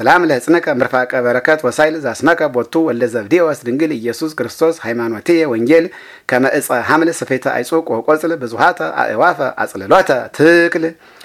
ሰላም ለሕጽንከ ምርፋቀ በረከት ወሳይል ዛስመከ ቦቱ ወልደ ወስ ድንግል ኢየሱስ ክርስቶስ ሃይማኖትየ ወንጌል ከመእፀ ዕፀ ሐምል ስፌተ አይጹቅ ወቆጽል ብዙሃተ አእዋፈ አጽልሎተ ትክል